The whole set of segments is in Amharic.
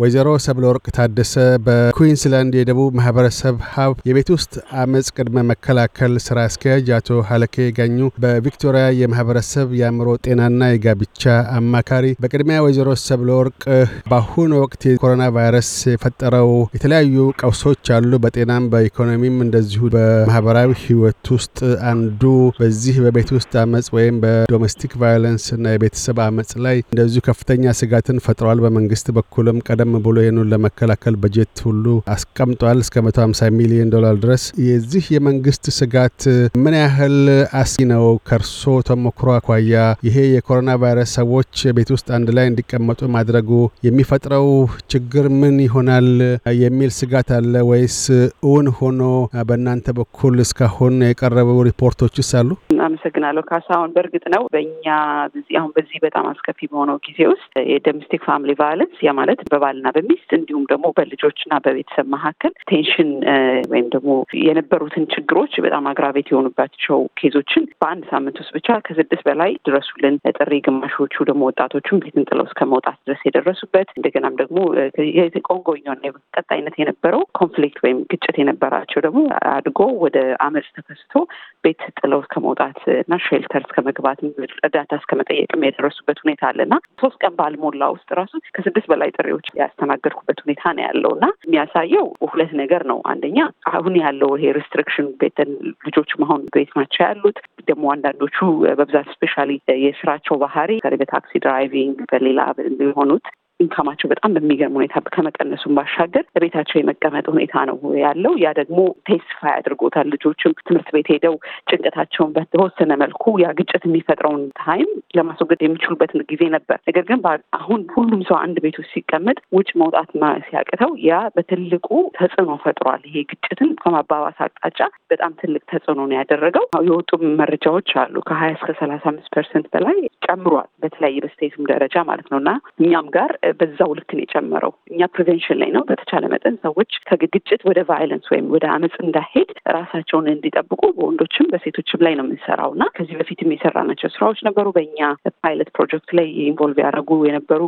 ወይዘሮ ሰብለወርቅ ታደሰ በኩዊንስላንድ የደቡብ ማህበረሰብ ሀብ የቤት ውስጥ አመፅ ቅድመ መከላከል ስራ አስኪያጅ፣ አቶ ሀለኬ ጋኙ በቪክቶሪያ የማህበረሰብ የአእምሮ ጤናና የጋብቻ አማካሪ። በቅድሚያ ወይዘሮ ወርቅ በአሁኑ ወቅት የኮሮና ቫይረስ የፈጠረው የተለያዩ ቀውሶች አሉ። በጤናም በኢኮኖሚም እንደዚሁ በማህበራዊ ህይወት ውስጥ አንዱ በዚህ በቤት ውስጥ አመፅ ወይም በዶሜስቲክ ቫዮለንስ እና የቤተሰብ አመፅ ላይ እንደዚሁ ከፍተኛ ስጋትን ፈጥረዋል። በመንግስት በኩልም ቀደም ቀደም ብሎ ይህንን ለመከላከል በጀት ሁሉ አስቀምጧል እስከ 150 ሚሊዮን ዶላር ድረስ። የዚህ የመንግስት ስጋት ምን ያህል አስጊ ነው? ከእርሶ ተሞክሮ አኳያ ይሄ የኮሮና ቫይረስ ሰዎች ቤት ውስጥ አንድ ላይ እንዲቀመጡ ማድረጉ የሚፈጥረው ችግር ምን ይሆናል የሚል ስጋት አለ ወይስ እውን ሆኖ በእናንተ በኩል እስካሁን የቀረቡ ሪፖርቶችስ አሉ? አመሰግናለሁ ካሳሁን። በእርግጥ ነው በእኛ አሁን በዚህ በጣም አስከፊ በሆነው ጊዜ ውስጥ የዶሜስቲክ ፋሚሊ ቫዮለንስ ያ ማለት በባ በባልና በሚስት እንዲሁም ደግሞ በልጆችና በቤተሰብ መካከል ቴንሽን ወይም ደግሞ የነበሩትን ችግሮች በጣም አግራቤት የሆኑባቸው ኬዞችን በአንድ ሳምንት ውስጥ ብቻ ከስድስት በላይ ድረሱልን ጥሪ፣ ግማሾቹ ደግሞ ወጣቶቹም ቤትን ጥለው እስከ መውጣት ድረስ የደረሱበት እንደገናም ደግሞ ቆንጎኛና ቀጣይነት የነበረው ኮንፍሊክት ወይም ግጭት የነበራቸው ደግሞ አድጎ ወደ አመፅ ተከስቶ ቤት ጥለው እስከ መውጣት እና ሼልተር እስከ መግባት እርዳታ እስከ መጠየቅም የደረሱበት ሁኔታ አለና ሶስት ቀን ባልሞላ ውስጥ ራሱ ከስድስት በላይ ጥሪዎች ያስተናገድኩበት ሁኔታ ነው ያለው እና የሚያሳየው ሁለት ነገር ነው። አንደኛ አሁን ያለው ይሄ ሪስትሪክሽን ቤተን ልጆችም አሁን ቤት ናቸው ያሉት። ደግሞ አንዳንዶቹ በብዛት ስፔሻሊ የስራቸው ባህሪ ከ በታክሲ ድራይቪንግ በሌላ የሆኑት ኢንካማቸው በጣም በሚገርም ሁኔታ ከመቀነሱን ባሻገር ቤታቸው የመቀመጥ ሁኔታ ነው ያለው። ያ ደግሞ ቴስፋይ አድርጎታል። ልጆችም ትምህርት ቤት ሄደው ጭንቀታቸውን በተወሰነ መልኩ ያ ግጭት የሚፈጥረውን ታይም ለማስወገድ የሚችሉበትን ጊዜ ነበር። ነገር ግን አሁን ሁሉም ሰው አንድ ቤት ውስጥ ሲቀመጥ ውጭ መውጣት ሲያቅተው ያ በትልቁ ተጽዕኖ ፈጥሯል። ይሄ ግጭትን ከማባባስ አቅጣጫ በጣም ትልቅ ተጽዕኖ ነው ያደረገው። የወጡ መረጃዎች አሉ ከሀያ እስከ ሰላሳ አምስት ፐርሰንት በላይ ጨምሯል። በተለያየ በስቴቱም ደረጃ ማለት ነው እና እኛም ጋር በዛው ልክ ነው የጨመረው። እኛ ፕሪቬንሽን ላይ ነው። በተቻለ መጠን ሰዎች ከግጭት ወደ ቫይለንስ ወይም ወደ አመፅ እንዳይሄድ ራሳቸውን እንዲጠብቁ በወንዶችም በሴቶችም ላይ ነው የምንሰራው እና ከዚህ በፊትም የሰራናቸው ስራዎች ነበሩ። በእኛ ፓይለት ፕሮጀክት ላይ ኢንቮልቭ ያደረጉ የነበሩ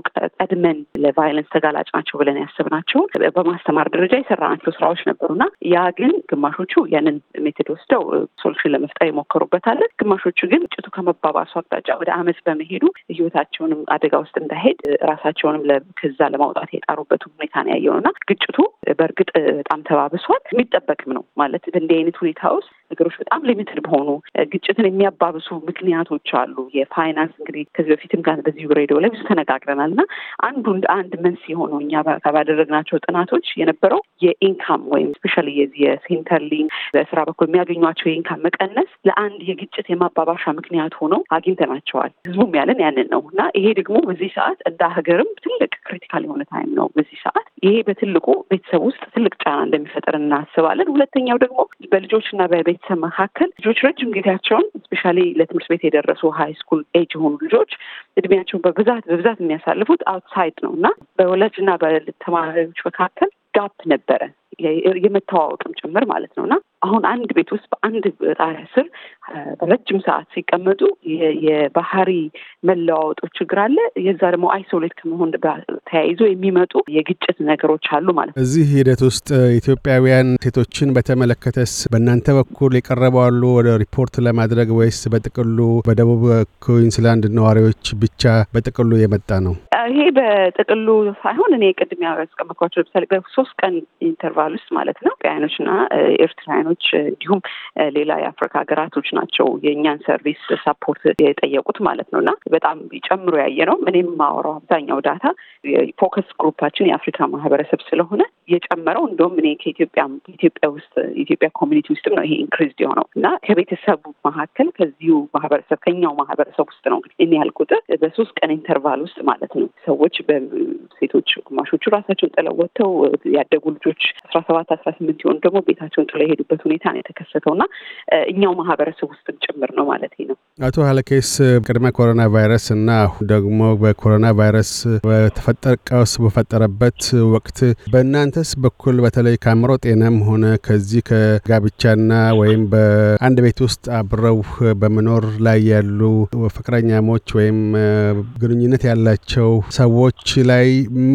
ቀድመን ለቫይለንስ ተጋላጭ ናቸው ብለን ያሰብናቸውን በማስተማር ደረጃ የሰራናቸው ስራዎች ነበሩና ያ ግን ግማሾቹ ያንን ሜቶድ ወስደው ሶሉሽን ለመፍጠር ይሞከሩበታል። ግማሾቹ ግን ግጭቱ ከመባባሱ አቅጣጫ ወደ አመፅ በመሄዱ ህይወታቸውንም አደጋ ውስጥ እንዳይሄድ ራሳቸውንም ከዛ ለማውጣት የጣሩበት ሁኔታ ነው ያየው እና ግጭቱ በእርግጥ በጣም ተባብሷል። የሚጠበቅም ነው ማለት በእንዲህ አይነት ሁኔታ ውስጥ ነገሮች በጣም ሊሚትድ በሆኑ ግጭትን የሚያባብሱ ምክንያቶች አሉ። የፋይናንስ እንግዲህ ከዚህ በፊትም ጋር በዚሁ ሬዲዮ ላይ ብዙ ተነጋግረናል እና አንዱ አንድ መንስ የሆነው እኛ ባደረግናቸው ጥናቶች የነበረው የኢንካም ወይም ስፔሻሊ የዚህ የሴንተርሊንግ በስራ በኩል የሚያገኟቸው የኢንካም መቀነስ ለአንድ የግጭት የማባባሻ ምክንያት ሆኖ አግኝተናቸዋል። ህዝቡም ያለን ያንን ነው እና ይሄ ደግሞ በዚህ ሰዓት እንደ ሀገርም ትልቅ ክሪቲካል የሆነ ታይም ነው በዚህ ሰዓት። ይሄ በትልቁ ቤተሰብ ውስጥ ትልቅ ጫና እንደሚፈጠር እናስባለን። ሁለተኛው ደግሞ በልጆችና በቤት ቤተሰብ መካከል ልጆች ረጅም ጊዜያቸውን እስፔሻሊ ለትምህርት ቤት የደረሱ ሀይ ስኩል ኤጅ የሆኑ ልጆች እድሜያቸውን በብዛት በብዛት የሚያሳልፉት አውትሳይድ ነው እና በወላጅና በተማሪዎች መካከል ጋፕ ነበረ የመተዋወቅም ጭምር ማለት ነው እና አሁን አንድ ቤት ውስጥ በአንድ ጣሪያ ስር ረጅም ሰዓት ሲቀመጡ የባህሪ መለዋወጡ ችግር አለ። የዛ ደግሞ አይሶሌት ከመሆን ተያይዞ የሚመጡ የግጭት ነገሮች አሉ ማለት ነው። እዚህ ሂደት ውስጥ ኢትዮጵያውያን ሴቶችን በተመለከተስ በእናንተ በኩል የቀረበዋሉ ወደ ሪፖርት ለማድረግ ወይስ በጥቅሉ በደቡብ ኩዊንስላንድ ነዋሪዎች ብቻ በጥቅሉ የመጣ ነው? ይሄ በጥቅሉ ሳይሆን እኔ ቅድሚያ ያስቀመኳቸው ለምሳሌ በሶስት ቀን ኢንተርቫል ውስጥ ማለት ነው ኢትዮጵያውያኖችና ኤርትራውያን አሜሪካኖች እንዲሁም ሌላ የአፍሪካ ሀገራቶች ናቸው የእኛን ሰርቪስ ሳፖርት የጠየቁት ማለት ነው እና በጣም ጨምሮ ያየ ነው። እኔም የማወራው አብዛኛው ዳታ ፎከስ ግሩፓችን የአፍሪካ ማህበረሰብ ስለሆነ የጨመረው እንደውም እኔ ከኢትዮጵያ ኢትዮጵያ ውስጥ ኢትዮጵያ ኮሚኒቲ ውስጥም ነው ይሄ ኢንክሪዝ የሆነው እና ከቤተሰቡ መካከል ከዚሁ ማህበረሰብ ከኛው ማህበረሰብ ውስጥ ነው እኔ ያህል ቁጥር በሶስት ቀን ኢንተርቫል ውስጥ ማለት ነው ሰዎች በሴቶች ግማሾቹ ራሳቸውን ጥለው ወጥተው ያደጉ ልጆች አስራ ሰባት አስራ ስምንት ሲሆኑ ደግሞ ቤታቸውን ጥለው የሄዱበት ያለበት ሁኔታ ነው የተከሰተው እና እኛው ማህበረሰብ ውስጥም ጭምር ነው ማለት ነው። አቶ ሀለኬስ ቅድመ ኮሮና ቫይረስ እና አሁን ደግሞ በኮሮና ቫይረስ በተፈጠረ ቀውስ በፈጠረበት ወቅት በእናንተስ በኩል በተለይ ከአእምሮ ጤናም ሆነ ከዚህ ከጋብቻና ወይም በአንድ ቤት ውስጥ አብረው በመኖር ላይ ያሉ ፍቅረኛሞች ወይም ግንኙነት ያላቸው ሰዎች ላይ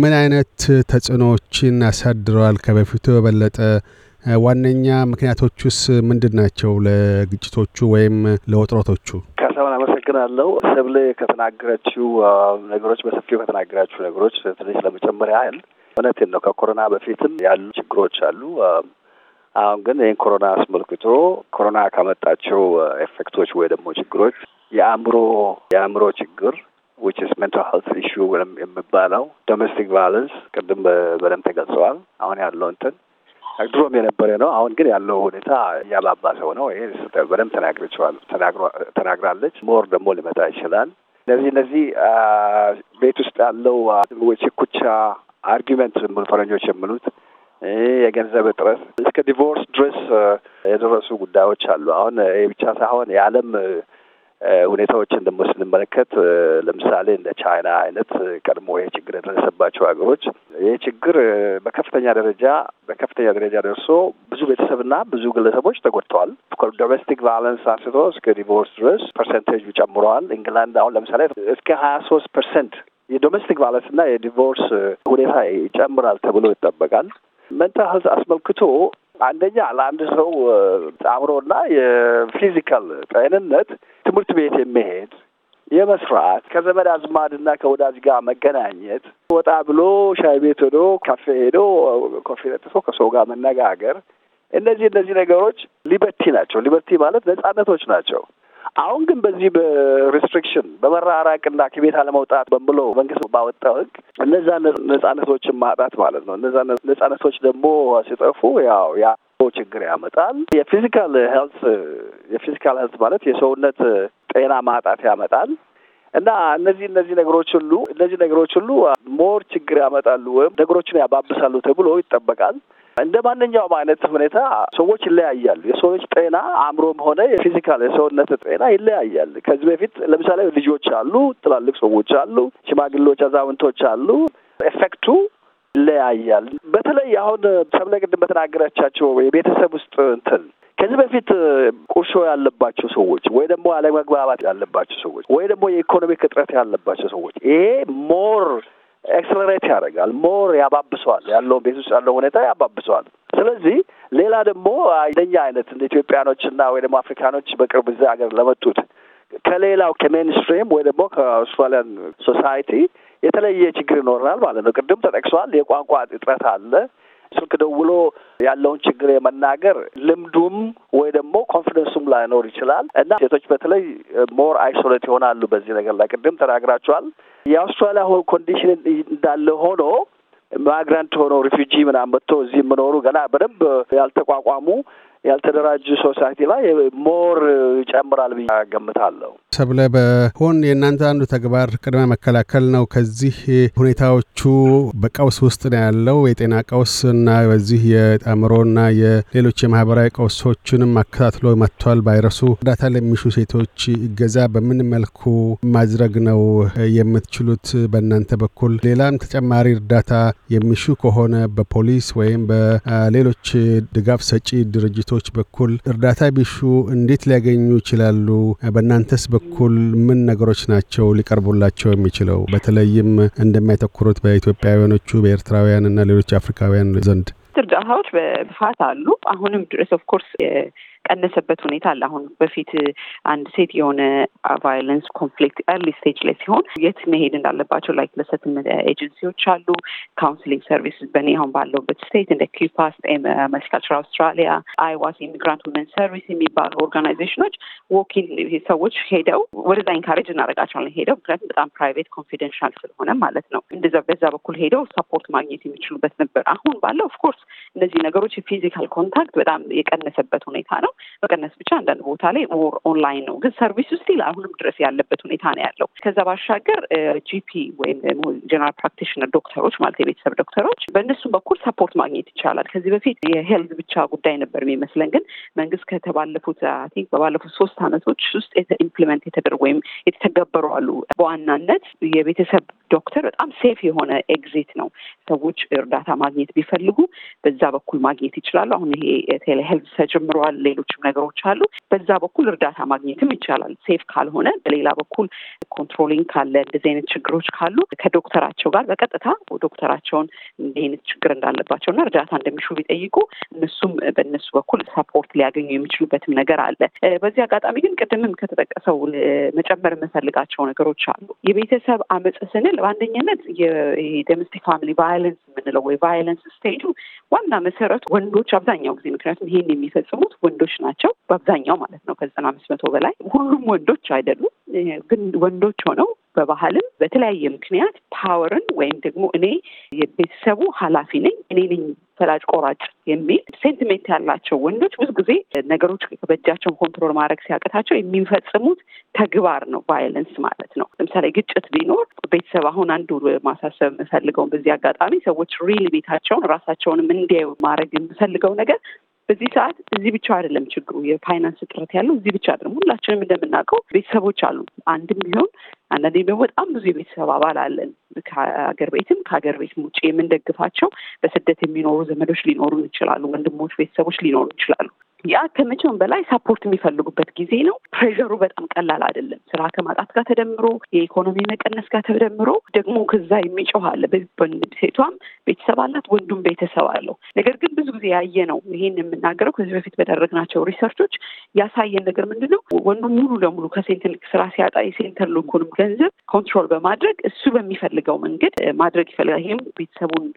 ምን አይነት ተጽዕኖዎችን አሳድረዋል? ከበፊቱ የበለጠ ዋነኛ ምክንያቶቹስ ምንድን ናቸው ለግጭቶቹ ወይም ለውጥረቶቹ? ካሳሁን አመሰግናለሁ። ሰብለ ከተናገረችው ነገሮች በሰፊው ከተናገራችሁ ነገሮች ትንሽ ለመጨመር ያህል እውነቴን ነው ከኮሮና በፊትም ያሉ ችግሮች አሉ። አሁን ግን ይህን ኮሮና አስመልክቶ ኮሮና ካመጣቸው ኤፌክቶች ወይ ደግሞ ችግሮች የአእምሮ የአእምሮ ችግር ዊች ሜንታል ሄልት ኢሹ የሚባለው ዶሜስቲክ ቫለንስ ቅድም በደንብ ተገልጸዋል። አሁን ያለው እንትን ድሮም የነበረ ነው። አሁን ግን ያለው ሁኔታ እያባባሰው ነው። ይሄ በደንብ ተናግረችዋል ተናግራለች። ሞር ደግሞ ሊመጣ ይችላል። እነዚህ እነዚህ ቤት ውስጥ ያለው ችኩቻ አርጊመንት ፈረንጆች የሚሉት የገንዘብ እጥረት እስከ ዲቮርስ ድረስ የደረሱ ጉዳዮች አሉ። አሁን ይህ ብቻ ሳይሆን የዓለም ሁኔታዎችን ደግሞ ስንመለከት ለምሳሌ እንደ ቻይና አይነት ቀድሞ ይህ ችግር የደረሰባቸው ሀገሮች ይህ ችግር በከፍተኛ ደረጃ በከፍተኛ ደረጃ ደርሶ ብዙ ቤተሰብና ብዙ ግለሰቦች ተጎድተዋል። ዶሜስቲክ ቫለንስ አንስቶ እስከ ዲቮርስ ድረስ ፐርሰንቴጅ ጨምረዋል። ኢንግላንድ አሁን ለምሳሌ እስከ ሀያ ሶስት ፐርሰንት የዶሜስቲክ እና የዲቮርስ ሁኔታ ይጨምራል ተብሎ ይጠበቃል። መንታ ህዝ አስመልክቶ አንደኛ ለአንድ ሰው አእምሮና የፊዚካል ጤንነት ትምህርት ቤት የመሄድ የመስራት ከዘመድ አዝማድና ከወዳጅ ጋር መገናኘት፣ ወጣ ብሎ ሻይ ቤት ሄዶ ካፌ ሄዶ ኮፊ ጠጥቶ ከሰው ጋር መነጋገር፣ እነዚህ እነዚህ ነገሮች ሊበርቲ ናቸው። ሊበርቲ ማለት ነጻነቶች ናቸው። አሁን ግን በዚህ በሪስትሪክሽን በመራራቅና ከቤት አለመውጣት ብሎ መንግስት ባወጣው ህግ እነዛ ነጻነቶችን ማጣት ማለት ነው። እነዛ ነጻነቶች ደግሞ ሲጠፉ ያው ያ ችግር ያመጣል። የፊዚካል ሄልት የፊዚካል ሄልት ማለት የሰውነት ጤና ማጣት ያመጣል። እና እነዚህ እነዚህ ነገሮች ሁሉ እነዚህ ነገሮች ሁሉ ሞር ችግር ያመጣሉ ወይም ነገሮችን ያባብሳሉ ተብሎ ይጠበቃል። እንደ ማንኛውም አይነት ሁኔታ ሰዎች ይለያያሉ። የሰው ልጅ ጤና አእምሮም ሆነ የፊዚካል የሰውነት ጤና ይለያያል። ከዚህ በፊት ለምሳሌ ልጆች አሉ፣ ትላልቅ ሰዎች አሉ፣ ሽማግሌዎች፣ አዛውንቶች አሉ። ኤፌክቱ ይለያያል። በተለይ አሁን ሰብለ ቅድም በተናገረቻቸው የቤተሰብ ውስጥ እንትን ከዚህ በፊት ቁርሾ ያለባቸው ሰዎች ወይ ደግሞ አለመግባባት ያለባቸው ሰዎች ወይ ደግሞ የኢኮኖሚክ እጥረት ያለባቸው ሰዎች ይሄ ሞር ኤክስለሬት ያደርጋል፣ ሞር ያባብሰዋል፣ ያለው ቤት ውስጥ ያለው ሁኔታ ያባብሰዋል። ስለዚህ ሌላ ደግሞ እንደኛ አይነት እንደ ና ወይ ደግሞ አፍሪካኖች በቅርብ ጊዜ ሀገር ለመጡት ከሌላው ከሜንስትሪም ወይ ደግሞ ከአውስትራሊያን ሶሳይቲ የተለየ ችግር ይኖረናል ማለት ነው። ቅድም ተጠቅሷል። የቋንቋ እጥረት አለ። ስልክ ደውሎ ያለውን ችግር የመናገር ልምዱም ወይ ደግሞ ኮንፊደንሱም ላይኖር ይችላል እና ሴቶች በተለይ ሞር አይሶሌት ይሆናሉ በዚህ ነገር ላይ ቅድም ተናግራቸዋል። የአውስትራሊያ ኮንዲሽን እንዳለ ሆኖ ማግራንት ሆኖ ሪፊጂ ምናምን መጥቶ እዚህ የምኖሩ ገና በደንብ ያልተቋቋሙ ያልተደራጁ ሶሳይቲ ላይ ሞር ይጨምራል ብዬ ገምታለሁ። ሰብለ በሆን የእናንተ አንዱ ተግባር ቅድመ መከላከል ነው። ከዚህ ሁኔታዎቹ በቀውስ ውስጥ ነው ያለው የጤና ቀውስ እና በዚህ የአእምሮና የሌሎች የማህበራዊ ቀውሶችንም አከታትሎ መጥቷል ቫይረሱ። እርዳታ ለሚሹ ሴቶች እገዛ በምን መልኩ ማድረግ ነው የምትችሉት በእናንተ በኩል? ሌላም ተጨማሪ እርዳታ የሚሹ ከሆነ በፖሊስ ወይም በሌሎች ድጋፍ ሰጪ ድርጅቶች ድርጅቶች በኩል እርዳታ ቢሹ እንዴት ሊያገኙ ይችላሉ? በእናንተስ በኩል ምን ነገሮች ናቸው ሊቀርቡላቸው የሚችለው? በተለይም እንደሚያተኩሩት በኢትዮጵያውያኖቹ በኤርትራውያን እና ሌሎች አፍሪካውያን ዘንድ እርዳታዎች በስፋት አሉ። አሁንም ድረስ ኦፍኮርስ ቀነሰበት ሁኔታ አለ። አሁን በፊት አንድ ሴት የሆነ ቫዮለንስ ኮንፍሊክት ኤርሊ ስቴጅ ላይ ሲሆን የት መሄድ እንዳለባቸው ላይክ ለሰትልመንት ኤጀንሲዎች አሉ፣ ካውንስሊንግ ሰርቪስ በእኔ አሁን ባለውበት ስቴት እንደ ኪፓስ መልቲካልቸራል አውስትራሊያ፣ አይዋስ ኢሚግራንት ውመን ሰርቪስ የሚባሉ ኦርጋናይዜሽኖች ወኪን ሰዎች ሄደው ወደዛ ኢንካሬጅ እናደርጋቸዋለን ሄደው ምክንያቱም በጣም ፕራይቬት ኮንፊደንሻል ስለሆነ ማለት ነው። እንደዛ በዛ በኩል ሄደው ሰፖርት ማግኘት የሚችሉበት ነበር። አሁን ባለው ኦፍኮርስ እነዚህ ነገሮች የፊዚካል ኮንታክት በጣም የቀነሰበት ሁኔታ ነው። መቀነስ ብቻ አንዳንድ ቦታ ላይ ሞር ኦንላይን ነው፣ ግን ሰርቪሱ ስቲል አሁንም ድረስ ያለበት ሁኔታ ነው ያለው። ከዛ ባሻገር ጂፒ ወይም ጀነራል ፕራክቲሽነር ዶክተሮች ማለት የቤተሰብ ዶክተሮች በእነሱም በኩል ሰፖርት ማግኘት ይቻላል። ከዚህ በፊት የሄልዝ ብቻ ጉዳይ ነበር የሚመስለን፣ ግን መንግስት ከተባለፉት አይ ቲንክ በባለፉት ሶስት አመቶች ውስጥ ኢምፕሊመንት የተደረጉ ወይም የተተገበሩ አሉ። በዋናነት የቤተሰብ ዶክተር በጣም ሴፍ የሆነ ኤግዚት ነው። ሰዎች እርዳታ ማግኘት ቢፈልጉ በዛ በኩል ማግኘት ይችላሉ። አሁን ይሄ ቴሌሄልዝ ተጀምረዋል። ሌሎ ሌሎችም ነገሮች አሉ። በዛ በኩል እርዳታ ማግኘትም ይቻላል። ሴፍ ካልሆነ በሌላ በኩል ኮንትሮሊንግ ካለ እንደዚህ አይነት ችግሮች ካሉ ከዶክተራቸው ጋር በቀጥታ ዶክተራቸውን እንዲህ አይነት ችግር እንዳለባቸው እና እርዳታ እንደሚሹ ቢጠይቁ እነሱም በእነሱ በኩል ሰፖርት ሊያገኙ የሚችሉበትም ነገር አለ። በዚህ አጋጣሚ ግን ቅድምም ከተጠቀሰው መጨመር የምፈልጋቸው ነገሮች አሉ። የቤተሰብ አመፅ ስንል በአንደኛነት የዶሜስቲክ ፋሚሊ ቫይለንስ የምንለው ወይ ቫይለንስ ስቴጁ ዋና መሰረቱ ወንዶች አብዛኛው ጊዜ ምክንያቱም ይሄን የሚፈጽሙት ወንዶች ወንዶች ናቸው በአብዛኛው ማለት ነው ከዘጠና አምስት መቶ በላይ ሁሉም ወንዶች አይደሉም ግን ወንዶች ሆነው በባህልም በተለያየ ምክንያት ፓወርን ወይም ደግሞ እኔ የቤተሰቡ ሀላፊ ነኝ እኔ ነኝ ፈላጭ ቆራጭ የሚል ሴንቲሜንት ያላቸው ወንዶች ብዙ ጊዜ ነገሮች በእጃቸውን ኮንትሮል ማድረግ ሲያቅታቸው የሚፈጽሙት ተግባር ነው ቫይለንስ ማለት ነው። ለምሳሌ ግጭት ቢኖር ቤተሰብ አሁን አንዱ ማሳሰብ የምፈልገውን በዚህ አጋጣሚ ሰዎች ሪል ቤታቸውን ራሳቸውንም እንዲያዩ ማድረግ የምፈልገው ነገር በዚህ ሰዓት እዚህ ብቻ አይደለም ችግሩ፣ የፋይናንስ እጥረት ያለው እዚህ ብቻ አይደለም። ሁላችንም እንደምናውቀው ቤተሰቦች አሉ። አንድም ቢሆን አንዳንዴ ደግሞ በጣም ብዙ የቤተሰብ አባል አለን፣ ከሀገር ቤትም ከሀገር ቤት ውጭ የምንደግፋቸው በስደት የሚኖሩ ዘመዶች ሊኖሩ ይችላሉ፣ ወንድሞች፣ ቤተሰቦች ሊኖሩ ይችላሉ። ያ ከመቼውም በላይ ሳፖርት የሚፈልጉበት ጊዜ ነው። ፕሬሩ በጣም ቀላል አይደለም። ስራ ከማጣት ጋር ተደምሮ፣ የኢኮኖሚ መቀነስ ጋር ተደምሮ ደግሞ ከዛ የሚጮህ አለ። ሴቷም ቤተሰብ አላት፣ ወንዱም ቤተሰብ አለው። ነገር ግን ብዙ ጊዜ ያየ ነው ይሄን የምናገረው ከዚህ በፊት በደረግናቸው ሪሰርቾች ያሳየን ነገር ምንድን ነው? ወንዱ ሙሉ ለሙሉ ከሴንትል ስራ ሲያጣ የሴንትር ልኩንም ገንዘብ ኮንትሮል በማድረግ እሱ በሚፈልገው መንገድ ማድረግ ይፈልጋል። ይህም ቤተሰቡን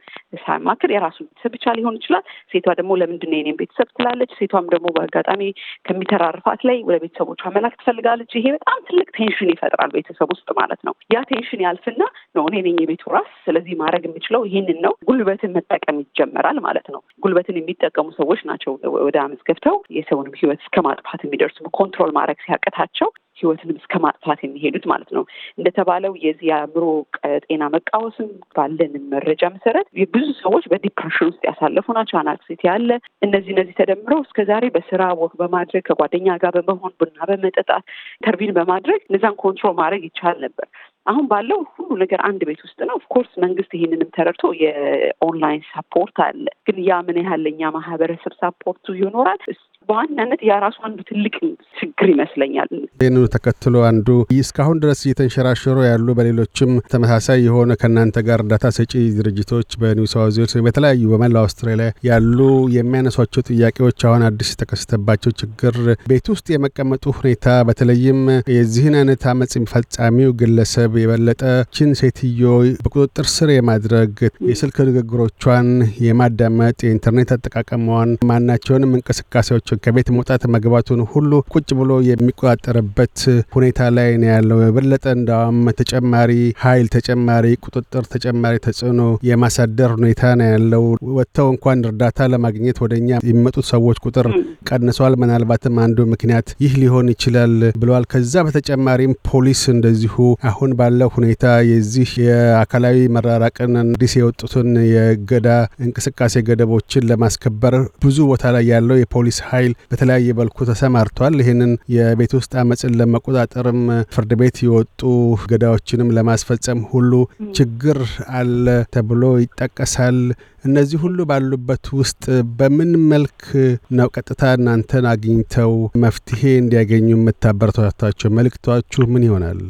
ሳያማክር የራሱ ቤተሰብ ብቻ ሊሆን ይችላል። ሴቷ ደግሞ ለምንድን ነው የኔም ቤተሰብ ትላለች። ሴቷም ደግሞ በአጋጣሚ ከሚተራርፋት ላይ ወደ ቤተሰቦቿ መላክ ትፈልጋለች። ይሄ በጣም ትልቅ ቴንሽን ይፈጥራል ቤተሰብ ውስጥ ማለት ነው። ያ ቴንሽን ያልፍና ነው እኔ ነኝ የቤቱ ራስ፣ ስለዚህ ማድረግ የምችለው ይህንን ነው። ጉልበትን መጠቀም ይጀመራል ማለት ነው። ጉልበትን የሚጠቀሙ ሰዎች ናቸው ወደ አመፅ ገብተው የሰውንም ህይወት እስከ ማጥፋት የሚደርሱ ኮንትሮል ማድረግ ሲያቅታቸው ህይወትንም እስከ ማጥፋት የሚሄዱት ማለት ነው። እንደተባለው የዚህ የአእምሮ ጤና መቃወስም ባለን መረጃ መሰረት ብዙ ሰዎች በዲፕሬሽን ውስጥ ያሳለፉ ናቸው። አናክሲቲ ያለ እነዚህ እነዚህ ተደምረው እስከዛሬ በስራ ወቅ በማድረግ ከጓደኛ ጋር በመሆን ቡና በመጠጣት ተርቢን በማድረግ እነዛን ኮንትሮል ማድረግ ይቻል ነበር። አሁን ባለው ሁሉ ነገር አንድ ቤት ውስጥ ነው። ኦፍኮርስ መንግስት ይህንንም ተረድቶ የኦንላይን ሳፖርት አለ። ግን ያ ምን ያህል ለኛ ማህበረሰብ ሳፖርቱ ይኖራል? በዋናነት የራሱ አንዱ ትልቅ ችግር ይመስለኛል። ይህንኑ ተከትሎ አንዱ እስካሁን ድረስ እየተንሸራሸሩ ያሉ በሌሎችም ተመሳሳይ የሆነ ከእናንተ ጋር እርዳታ ሰጪ ድርጅቶች በኒው ሳውዝ ዌልስ በተለያዩ በመላው አውስትራሊያ ያሉ የሚያነሷቸው ጥያቄዎች አሁን አዲስ የተከሰተባቸው ችግር ቤት ውስጥ የመቀመጡ ሁኔታ በተለይም የዚህን አይነት አመፅ የሚፈጻሚው ግለሰብ የበለጠ ችን ሴትዮ በቁጥጥር ስር የማድረግ የስልክ ንግግሮቿን የማዳመጥ የኢንተርኔት አጠቃቀሟን ማናቸውንም እንቅስቃሴዎች ከቤት መውጣት መግባቱን ሁሉ ቁጭ ብሎ የሚቆጣጠርበት ሁኔታ ላይ ነው ያለው። የበለጠ እንዳውም ተጨማሪ ኃይል፣ ተጨማሪ ቁጥጥር፣ ተጨማሪ ተጽዕኖ የማሳደር ሁኔታ ነው ያለው። ወጥተው እንኳን እርዳታ ለማግኘት ወደ እኛ የሚመጡት ሰዎች ቁጥር ቀንሷል። ምናልባትም አንዱ ምክንያት ይህ ሊሆን ይችላል ብለዋል። ከዛ በተጨማሪም ፖሊስ እንደዚሁ አሁን ባለው ሁኔታ የዚህ የአካላዊ መራራቅን አዲስ የወጡትን የገዳ እንቅስቃሴ ገደቦችን ለማስከበር ብዙ ቦታ ላይ ያለው የፖሊስ ኃይል ኃይል በተለያየ መልኩ ተሰማርቷል። ይህንን የቤት ውስጥ አመፅን ለመቆጣጠርም ፍርድ ቤት የወጡ ገዳዎችንም ለማስፈጸም ሁሉ ችግር አለ ተብሎ ይጠቀሳል። እነዚህ ሁሉ ባሉበት ውስጥ በምን መልክ ነው ቀጥታ እናንተን አግኝተው መፍትሄ እንዲያገኙ የምታበረታቷቸው? መልክቷችሁ ምን ይሆናል?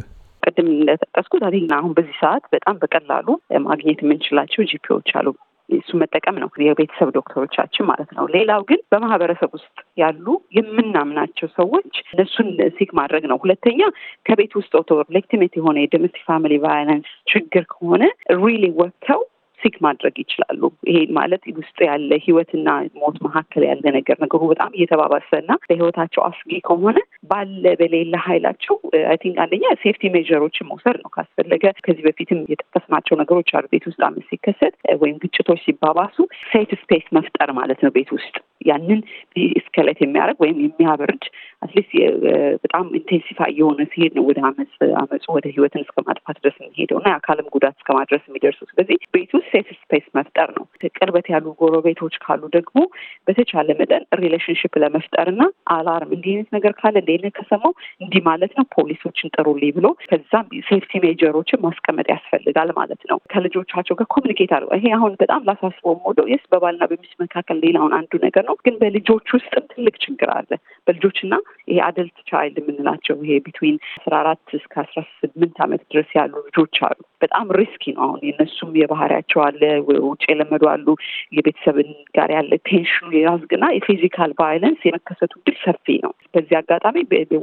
ቅድም እንደጠቀስኩት አሁን በዚህ ሰዓት በጣም በቀላሉ ማግኘት የምንችላቸው ጂፒዎች አሉ። እሱ መጠቀም ነው የቤተሰብ ዶክተሮቻችን ማለት ነው። ሌላው ግን በማህበረሰብ ውስጥ ያሉ የምናምናቸው ሰዎች እነሱን ሲክ ማድረግ ነው። ሁለተኛ ከቤት ውስጥ ኦቶ ሌክቲሜት የሆነ የዶሜስቲክ ፋሚሊ ቫይለንስ ችግር ከሆነ ሪሊ ወጥተው ሲክ ማድረግ ይችላሉ። ይሄ ማለት ውስጥ ያለ ህይወትና ሞት መካከል ያለ ነገር ነገሩ በጣም እየተባባሰና በህይወታቸው አስጊ ከሆነ ባለ በሌለ ኃይላቸው አይ ቲንክ አንደኛ ሴፍቲ ሜዥሮችን መውሰድ ነው ካስፈለገ። ከዚህ በፊትም የጠቀስናቸው ነገሮች አሉ። ቤት ውስጥ አመት ሲከሰት ወይም ግጭቶች ሲባባሱ ሴፍ ስፔስ መፍጠር ማለት ነው ቤት ውስጥ ያንን እስከሌት የሚያደርግ ወይም የሚያበርድ አትሊስት በጣም ኢንቴንሲፋ የሆነ ሲሄድ ነው ወደ አመፅ አመፁ ወደ ህይወትን እስከ ማጥፋት ድረስ የሚሄደው እና የአካልም ጉዳት እስከ ማድረስ የሚደርሱ። ስለዚህ ቤት ውስጥ ሴፍ ስፔስ መፍጠር ነው። ቅርበት ያሉ ጎረቤቶች ካሉ ደግሞ በተቻለ መጠን ሪሌሽንሽፕ ለመፍጠር እና አላርም እንዲህ አይነት ነገር ካለ እንደ ከሰማው እንዲህ ማለት ነው ፖሊሶችን ጥሩልኝ ብሎ ከዛም ሴፍቲ ሜጀሮችን ማስቀመጥ ያስፈልጋል ማለት ነው። ከልጆቻቸው ጋር ኮሚኒኬት አድርገው ይሄ አሁን በጣም ላሳስበው ሞዶ የስ በባልና በሚስት መካከል ሌላውን አንዱ ነገር ነው። ግን በልጆች ውስጥም ትልቅ ችግር አለ። በልጆችና ይሄ አደልት ቻይልድ የምንላቸው ይሄ ቢትዊን አስራ አራት እስከ አስራ ስምንት ዓመት ድረስ ያሉ ልጆች አሉ። በጣም ሪስኪ ነው። አሁን የነሱም የባህሪያቸው አለ፣ ውጭ የለመዱ አሉ። የቤተሰብን ጋር ያለ ቴንሽኑ የራዝግና የፊዚካል ቫይለንስ የመከሰቱ ድል ሰፊ ነው። በዚህ አጋጣሚ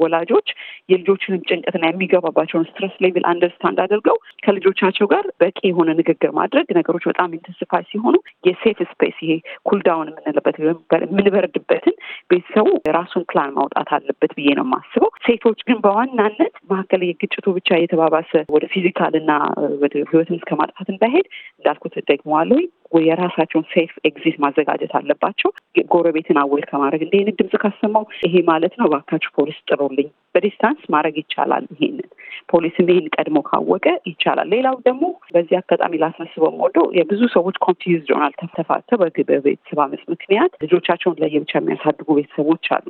ወላጆች የልጆችንም ጭንቀትና የሚገባባቸውን ስትረስ ሌቭል አንደርስታንድ አድርገው ከልጆቻቸው ጋር በቂ የሆነ ንግግር ማድረግ ነገሮች በጣም ኢንተንስፋይ ሲሆኑ የሴፍ ስፔስ ይሄ ኩልዳውን የምንለበት ወይም የምንበርድበትን ቤተሰቡ ራሱን ፕላን ማውጣት አለበት ብዬ ነው የማስበው። ሴቶች ግን በዋናነት መካከል የግጭቱ ብቻ እየተባባሰ ወደ ፊዚካል እና ወደ ህይወትን እስከ ማጥፋት እንዳይሄድ እንዳልኩት ደግመዋለሁ ወይ የራሳቸውን ሴፍ ኤግዚት ማዘጋጀት አለባቸው። ጎረቤትን አወል ከማድረግ እንደ ይህን ድምጽ ካሰማው ይሄ ማለት ነው እባካችሁ ፖሊስ ጥሩልኝ፣ በዲስታንስ ማድረግ ይቻላል። ይሄንን ፖሊስም ይህን ቀድሞ ካወቀ ይቻላል። ሌላው ደግሞ በዚህ አጋጣሚ ላስመስበው የምወደው የብዙ ሰዎች ኮንፊውዝድ ሆናል ተፋተው በቤተሰብ አመፅ ምክንያት ልጆቻቸውን ለየብቻ የሚያሳድጉ ቤተሰቦች አሉ።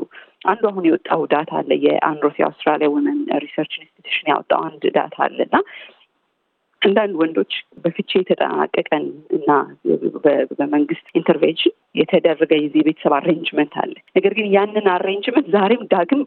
አንዱ አሁን የወጣው ዳታ አለ የአንድሮስ የአውስትራሊያ ውመን ሪሰርች ኢንስቲቱሽን ያወጣው አንድ ዳታ አለና አንዳንድ ወንዶች በፍቼ የተጠናቀቀን እና በመንግስት ኢንተርቬንሽን የተደረገ የዚህ የቤተሰብ አሬንጅመንት አለ። ነገር ግን ያንን አሬንጅመንት ዛሬም ዳግም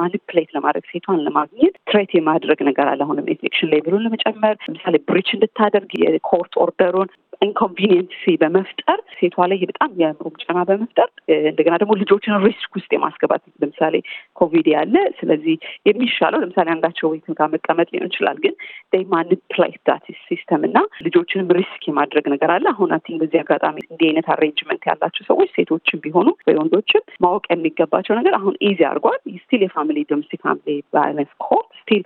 ማኒፕሌት ለማድረግ ሴቷን ለማግኘት ትሬት የማድረግ ነገር አለ። አሁንም ኢንፌክሽን ሌብሉን ለመጨመር ለምሳሌ ብሪች እንድታደርግ የኮርት ኦርደሩን ኢንኮንቪኒየንስ በመፍጠር ሴቷ ላይ በጣም የምሮም ጫና በመፍጠር እንደገና ደግሞ ልጆችን ሪስክ ውስጥ የማስገባት ለምሳሌ ኮቪድ ያለ ስለዚህ የሚሻለው ለምሳሌ አንዳቸው ወይ ጋር መቀመጥ ሊሆን ይችላል፣ ግን ይ ዳት ሲስተም እና ልጆችንም ሪስክ የማድረግ ነገር አለ። አሁን አቲንግ በዚህ አጋጣሚ እንዲህ አይነት አሬንጅመንት ያላቸው ሰዎች ሴቶችም ቢሆኑ ወይ ወንዶችም ማወቅ የሚገባቸው ነገር አሁን ኢዚ አድርጓል። ስቲል የፋሚሊ ዶሜስቲክ ፋሚሊ ቫዮለንስ ኮ ስቲል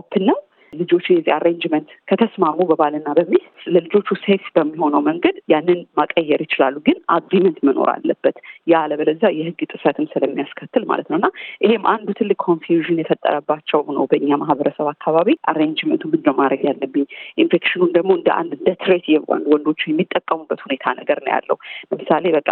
ኦፕን ነው ልጆቹ የዚህ አሬንጅመንት ከተስማሙ በባልና በሚስት ለልጆቹ ሴፍ በሚሆነው መንገድ ያንን ማቀየር ይችላሉ። ግን አግሪመንት መኖር አለበት። ያ አለበለዚያ የህግ ጥሰትም ስለሚያስከትል ማለት ነው እና ይሄም አንዱ ትልቅ ኮንፊውዥን የፈጠረባቸው ነው በእኛ ማህበረሰብ አካባቢ አሬንጅመንቱ ምንድን ነው ማድረግ ያለብኝ፣ ኢንፌክሽኑን ደግሞ እንደ አንድ እንደ ትሬት ወንዶቹ የሚጠቀሙበት ሁኔታ ነገር ነው ያለው። ለምሳሌ በቃ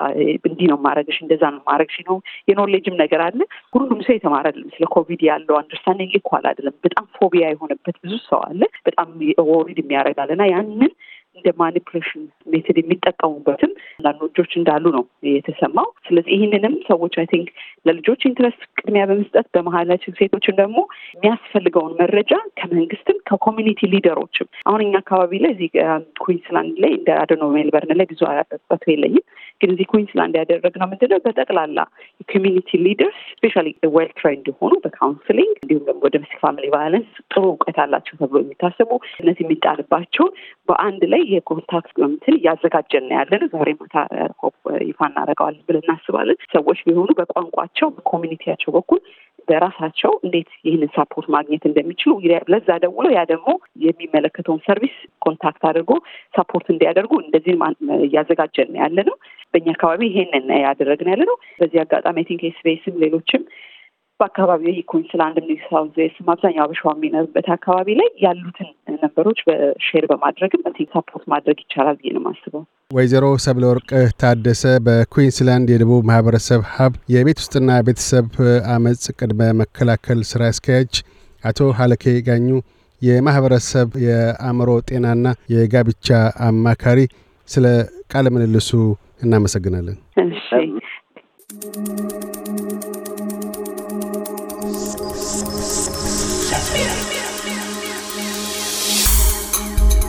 እንዲህ ነው ማድረግሽ፣ እንደዛ ነው ማድረግሽ ነው የኖሌጅም ነገር አለ። ሁሉም ሰው የተማረ አይደለም። ስለ ኮቪድ ያለው አንደርስታንዲንግ ኢኳል አይደለም። በጣም ፎቢያ የሆነበት ብዙ ሰው አለ። በጣም ወሪድ የሚያደርጋል እና ያንን እንደ ማኒፕሌሽን ሜትድ የሚጠቀሙበትም አንዳንድ ልጆች እንዳሉ ነው የተሰማው። ስለዚህ ይህንንም ሰዎች አይ ቲንክ ለልጆች ኢንትረስት ቅድሚያ በመስጠት በመሀላችን ሴቶችን ደግሞ የሚያስፈልገውን መረጃ ከመንግስትም ከኮሚኒቲ ሊደሮችም አሁን እኛ አካባቢ ላይ እዚህ ኩዊንስላንድ uh, ላይ እንደ አደኖ ሜልበርን ላይ ብዙ አጠቶ የለኝም ግን እዚህ ኩዊንስላንድ ያደረግነው ምንድነው በጠቅላላ ኮሚኒቲ ሊደርስ ስፔሻሊ ዌል ትሬንድ የሆኑ በካውንስሊንግ እንዲሁም ደግሞ ዶሜስቲክ ፋሚሊ ቫዮለንስ ጥሩ እውቀት አላቸው ተብሎ የሚታሰቡ እነዚህ የሚጣልባቸው በአንድ ላይ የኮንታክት እንትን እያዘጋጀን ነው ዛሬ ማታ ይፋ እናደርገዋለን ብለን እናስባለን። ሰዎች ቢሆኑ በቋንቋቸው በኮሚኒቲያቸው በኩል በራሳቸው እንዴት ይህንን ሳፖርት ማግኘት እንደሚችሉ ለዛ ደውሎ ያ ደግሞ የሚመለከተውን ሰርቪስ ኮንታክት አድርጎ ሳፖርት እንዲያደርጉ እንደዚህ እያዘጋጀን ያለ ነው። በእኛ አካባቢ ይሄንን ያደረግን ያለ ነው። በዚህ አጋጣሚ ቲንክ ኤስቢኤስም ሌሎችም በአካባቢው የኮንስላንድ እንዲ ሳውዝ ዌስም አብዛኛው አበሻው የሚኖርበት አካባቢ ላይ ያሉትን ነበሮች በሼር በማድረግም በዚህ ሳፖርት ማድረግ ይቻላል ብዬ ነው የማስበው። ወይዘሮ ሰብለ ወርቅ ታደሰ በኩዊንስላንድ የደቡብ ማህበረሰብ ሀብ የቤት ውስጥና ቤተሰብ አመፅ ቅድመ መከላከል ስራ አስኪያጅ፣ አቶ ሀለኬ ጋኙ የማህበረሰብ የአእምሮ ጤናና የጋብቻ አማካሪ፣ ስለ ቃለ ምልልሱ እናመሰግናለን። እሺ።